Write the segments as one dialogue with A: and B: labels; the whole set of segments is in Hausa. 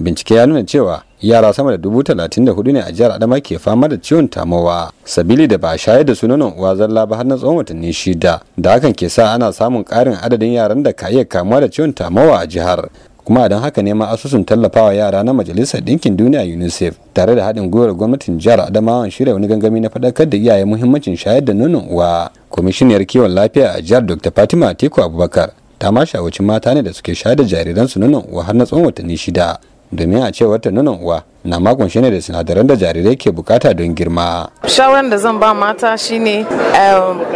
A: bincike ya nuna cewa yara sama da dubu talatin da hudu ne a jihar adama ke fama da ciwon tamowa sabili da ba a shayar da su nonon uwa zalla ba har na tsawon watanni shida da hakan ke sa ana samun karin adadin yaran da ka iya kamuwa da ciwon tamowa a jihar kuma don haka ne ma asusun tallafawa yara na majalisar dinkin duniya unicef tare da haɗin gwiwar gwamnatin jihar adamawa shirya wani gangami na faɗakar da iyaye muhimmancin shayar da nonon uwa kwamishiniyar kiwon lafiya a jihar dr fatima atiku abubakar ta ma shawarci mata ne da suke shayar da jariransu nonon uwa har na tsawon watanni shida domin a ce wata nunan uwa na makon ne da sinadaran da jarirai ke bukata don girma.
B: Shawaran da zan ba mata shine eh,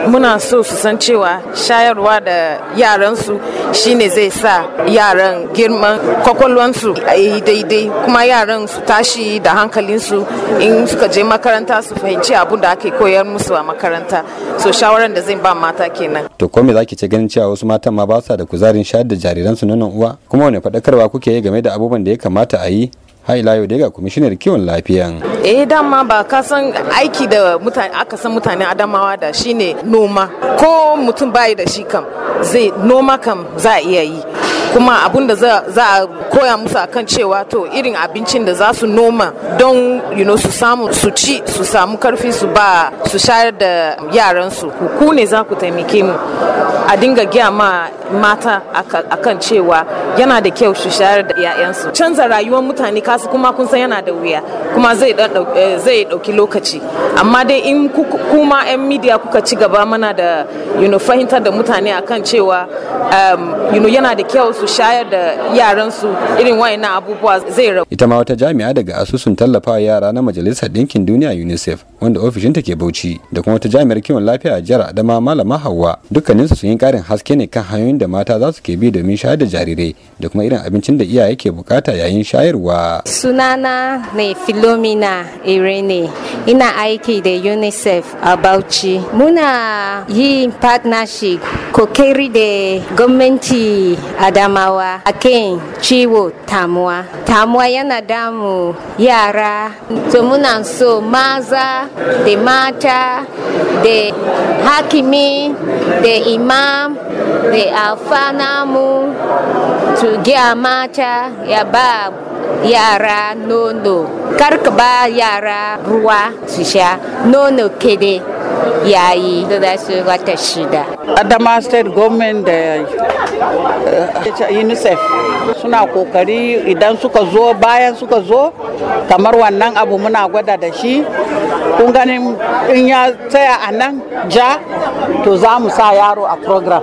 B: muna so su san cewa shayarwa da yaransu shine zai sa yaran girman kwakwalwansu a yi daidai kuma yaran su tashi da hankalinsu in suka je makaranta su fahimci abun da ake koyar musu a makaranta. So shawaran da zan ba mata kenan.
A: To ko me zaki ce ganin cewa wasu matan ma ba sa da kuzarin shayar da jariransu nonon uwa kuma wani faɗakarwa kuke yi game da abubuwan da ya kamata a yi hai layo da kwamishinar kiwon lafiyan
B: eh dama ba ka san aiki da mutane aka san mutane adamawa da shine noma ko mutum bayi da shi kam zai noma kam za a iya yi kuma abun da za a koya musu akan cewa to irin abincin da za su noma don you know, su samu su ci su samu karfi su ba su shayar da yaransu ku ne za ku taimake mu a dinga giya ma mata akan cewa yana da kyau su shayar da 'ya'yansu canza rayuwar mutane kasu kuma kun san yana da wuya kuma zai eh, ɗauki lokaci amma dai in kuma 'yan midiya kuka ci gaba mana da you know, fahimtar da mutane akan cewa um, you know, yana da kyau su su shayar da yaransu irin na abubuwa zai rabu.
A: Ita ma wata jami'a daga asusun tallafawa yara na Majalisar dinkin Duniya UNICEF wanda ofishin ta ke Bauchi da kuma wata jami'ar kiwon lafiya a jihar Adama Malama Hauwa dukkaninsu sun yi karin haske ne kan hanyoyin da mata za su ke bi domin shayar da jarirai da kuma irin abincin da iyaye ke bukata yayin shayarwa.
C: Sunana ne Philomena Irene ina aiki da UNICEF a Bauchi. Muna yi partnership kokeri da gwamnati Adama adamawa akan ciwo tamuwa tamuwa yana damu yara to muna so maza da mata da hakimi da imam da alfanamu to gya mata ya ba yara nono karka ba yara ruwa su sha
D: nono kede ya yi da za su wata shida. Adama State Government da eh, eh, UNICEF suna kokari idan suka zo bayan suka zo kamar wannan abu muna gwada da shi kun ganin in ya tsaya a nan ja to za mu sa yaro a program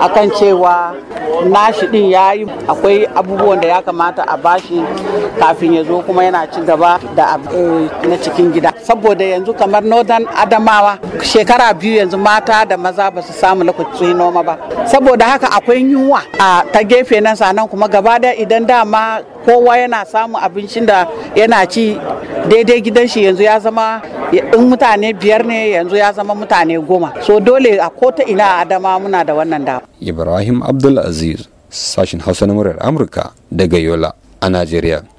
D: akan cewa nashi din ya yi akwai abubuwan da ya kamata a bashi kafin ya zo kuma yana ci gaba da eh, na cikin gida saboda yanzu kamar northern adamawa shekara biyu yanzu mata da maza ba su samu lokacin noma ba saboda haka akwai yunwa a ta gefe nan sanan kuma gaba da idan dama kowa yana samu abincin da yana ci daidai gidan shi yanzu ya zama in mutane biyar ne yanzu ya zama mutane goma so dole a kota ina a adama muna da wannan da
A: ibrahim abdulaziz sashin hausa na murar amurka daga yola a najeriya